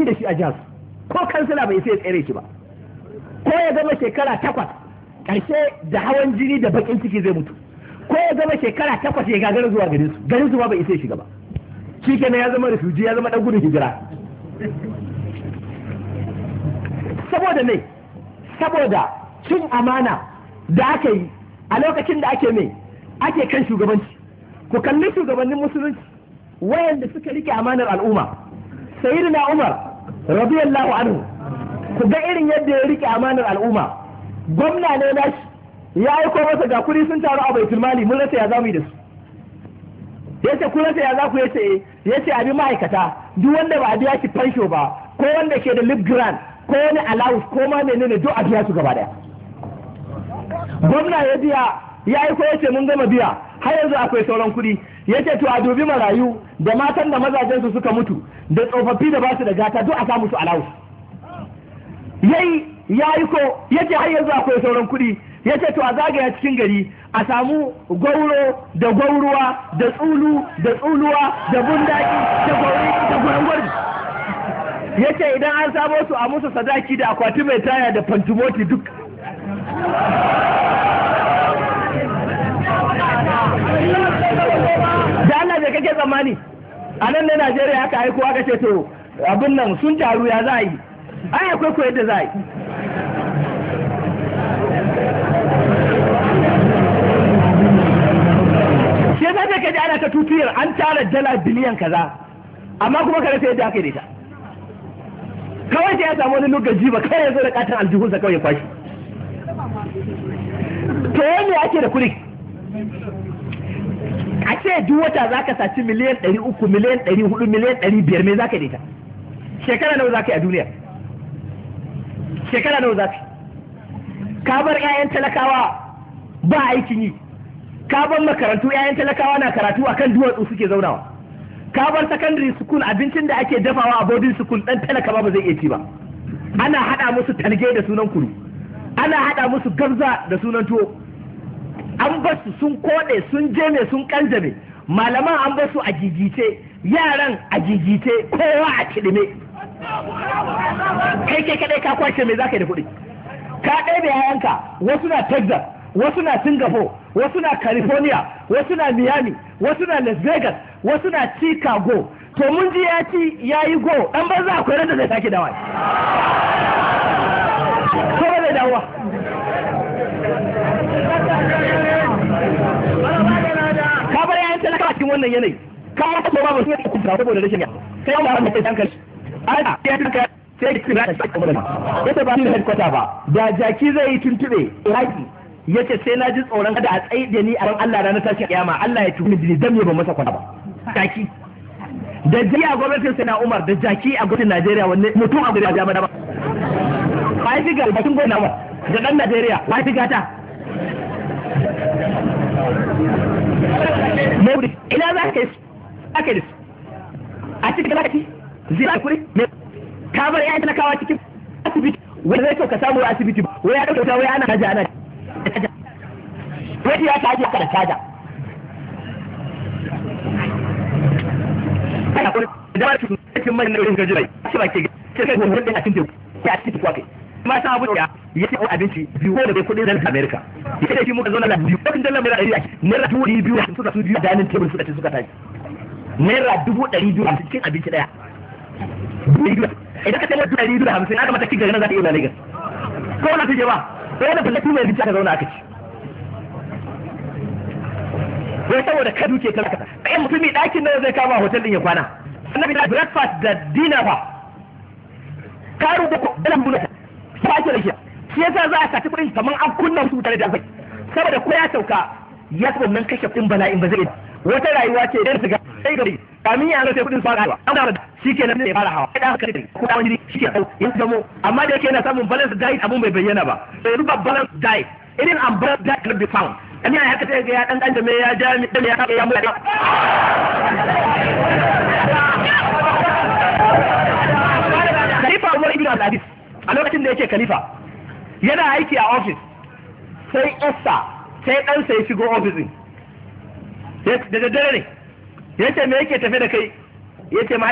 amfani da shi a jihar ko kansila bai sai tsere shi ba ko ya zama shekara takwas karshe da hawan jini da bakin ciki zai mutu ko ya zama shekara takwas ya gagara zuwa garin su garin su ba bai isa shiga ba shi kenan ya zama rufuji ya zama dan gudun hijira saboda ne saboda cin amana da aka yi a lokacin da ake mai ake kan shugabanci ku kalli shugabannin musulunci wayanda suka rike amanar al'umma sayyidina umar radiyallahu anhu ku ga irin yadda ya rike amanar al'umma gwamna ne na shi ya aiko masa ga kuɗi sun taru a baitul mali mun rasa ya mu yi da su Ya ce ku rasa ya za ku yace ce eh. abi ma'aikata duk wanda ba a biya shi fansho ba ko wanda ke da lip grand ko wani allowance ko ma menene duk a biya su gaba daya gwamna ya biya ya aiko yace mun gama biya har yanzu akwai sauran kuɗi yake to a dubi marayu da matan da mazajen su suka mutu da tsofaffi da basu da gata duk a samu su alawu yayi yayi ko yake har yanzu akwai sauran kuɗi yake to a zagaya cikin gari a samu gauro da gauruwa da tsulu da tsuluwa da bundaki da gauri da gwarangwari yake idan an samo su a musu sadaki da akwati mai taya da fantimoti duk kake tsammani a nan ne najeriya aka aiko aka ce to abin nan sun taru ya za a yi ai akwai koyar yadda za a yi shi za ta kaji ana ta tutuyar an tara dala biliyan kaza amma kuma ka rasa yadda aka yi da ita kawai ta ya samu wani lokaci ba kawai ya zo da katon aljihunsa kawai ya kwashi to wani ake da kulik Sai ce duk wata za ka saci miliyan ɗari uku miliyan ɗari hudu miliyan ɗari biyar me za ka daita shekara nawa za ka yi a duniya shekara nawa za ka ka bar 'ya'yan talakawa ba aikin yi ka bar makarantu 'ya'yan talakawa na karatu akan duwatsu suke zaunawa ka bar secondary school abincin da ake dafawa a boarding school dan talaka ba zai iya ci ba ana hada musu talge da sunan kuru ana hada musu gabza da sunan tuwo an basu sun kode sun je ne sun kanjame malaman an basu a gigice yaran a gigice kowa a kidime kai kai kadai ka kwace me zaka yi da kuɗi ka ɗebe da yayanka wasu na texas wasu na singapore wasu na california wasu na miami wasu na las vegas wasu na chicago to mun ji ya ci ya yi go dan banza akwai randa zai sake dawai. wannan yanayi ka ta ba ba sai ku ta saboda rashin ya sai Allah ya mai hankali ana ya duka sai ki kira shi kuma da yace ba ni da headquarter ba da jaki zai yi tuntube iraki yace sai na ji tsoron kada a tsaye da ni a ran Allah ranar tashin kiyama Allah ya tuni dini dan me ban masa kwana ba jaki da jaki a gwamnatin sai na Umar da jaki a gwamnatin Najeriya wanne mutum a gwamnatin Najeriya ba ba ya shiga albatin gwamnati ba da dan Najeriya ba ya shiga ina za ka yi da su a cikin zai zira kuri ne ka bar na kawo cikin asibiti wani zai so ka samu asibiti wani ya dauka wani ana haji ana wai ya taji da taja kana kuri da cikin mai na irin gajirai shi ba ke cikin gurbin da cikin teku ya cikin kwa kai ma san abu ya ya ce abinci biyu ko da bai kudin zanen Amerika ya ce shi muka zauna da biyu kudin dalar naira ɗari naira dubu ɗari biyu hamsin suka su biyu danin tebur suka ce suka tashi naira dubu ɗari biyu hamsin cin abinci ɗaya idan ka tana dubu ɗari biyu hamsin aka mata kiga ganin za ta iya na Lagos ko wani ta je ba ko wani fallaki mai abinci aka zauna aka ci wai saboda ka duke talaka ɗayan mutumi ɗakin nan zai kama hotel ɗin ya kwana annabi da breakfast da dinner ba ka rubuta ɗan bulata ko ake shi shi yasa za a saci kuɗin kamar an kunna su tare da bai saboda ko ya sauka ya saba nan kashe kuɗin bala'in ba zai wata rayuwa ce idan shiga sai gari kamin ya rasa kuɗin fara hawa an gara shi ke nan ne fara hawa idan aka kare ko da wani shi ke in zamo amma da yake yana samun balance diet abun bai bayyana ba sai ruba balance diet irin an balance diet can be found kamar ya haka sai ga ya dan dan da me ya ja ni da ya ya mu ya a lokacin da yake kalifa yana aiki a ofis sai esta sai ɗansa ya shigo ofisin da daddare ne ya me yake tafe da kai ya ce